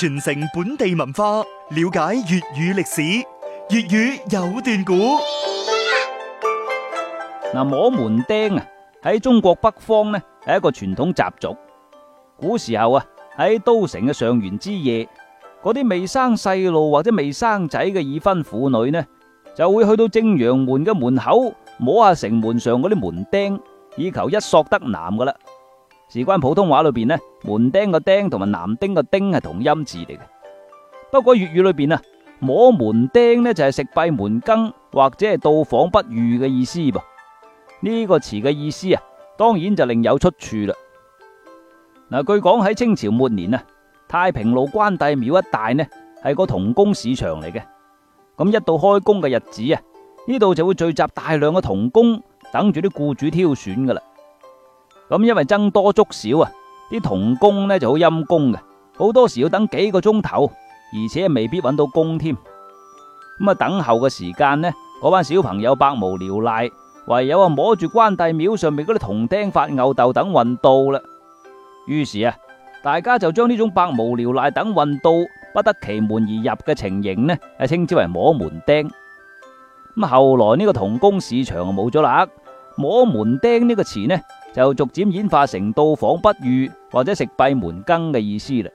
傳承本地文化，了解粵語歷史，粵語有段古。嗱，摸門釘啊，喺中國北方呢係一個傳統習俗。古時候啊，喺都城嘅上元之夜，嗰啲未生細路或者未生仔嘅已婚婦女呢，就會去到正陽門嘅門口摸下城門上嗰啲門釘，以求一索得男噶啦。事關普通話裏邊咧，門釘個釘同埋男丁個丁係同音字嚟嘅。不過粵語裏邊啊，摸門釘呢就係食閉門羹或者係到訪不遇嘅意思噃。呢、這個詞嘅意思啊，當然就另有出處啦。嗱，據講喺清朝末年啊，太平路關帝廟一帶呢係個童工市場嚟嘅。咁一到開工嘅日子啊，呢度就會聚集大量嘅童工，等住啲僱主挑選噶啦。咁因為僧多粥少啊，啲童工呢就好陰功嘅，好多時要等幾個鐘頭，而且未必揾到工添。咁啊，等候嘅時間呢，嗰班小朋友百無聊賴，唯有啊摸住關帝廟上面嗰啲銅釘發牛豆等運到啦。於是啊，大家就將呢種百無聊賴等運到、不得其門而入嘅情形呢，啊稱之為摸門釘。咁後來呢個童工市場啊冇咗啦，摸門釘呢個詞呢，就逐漸演化成到訪不遇或者食閉門羹嘅意思啦。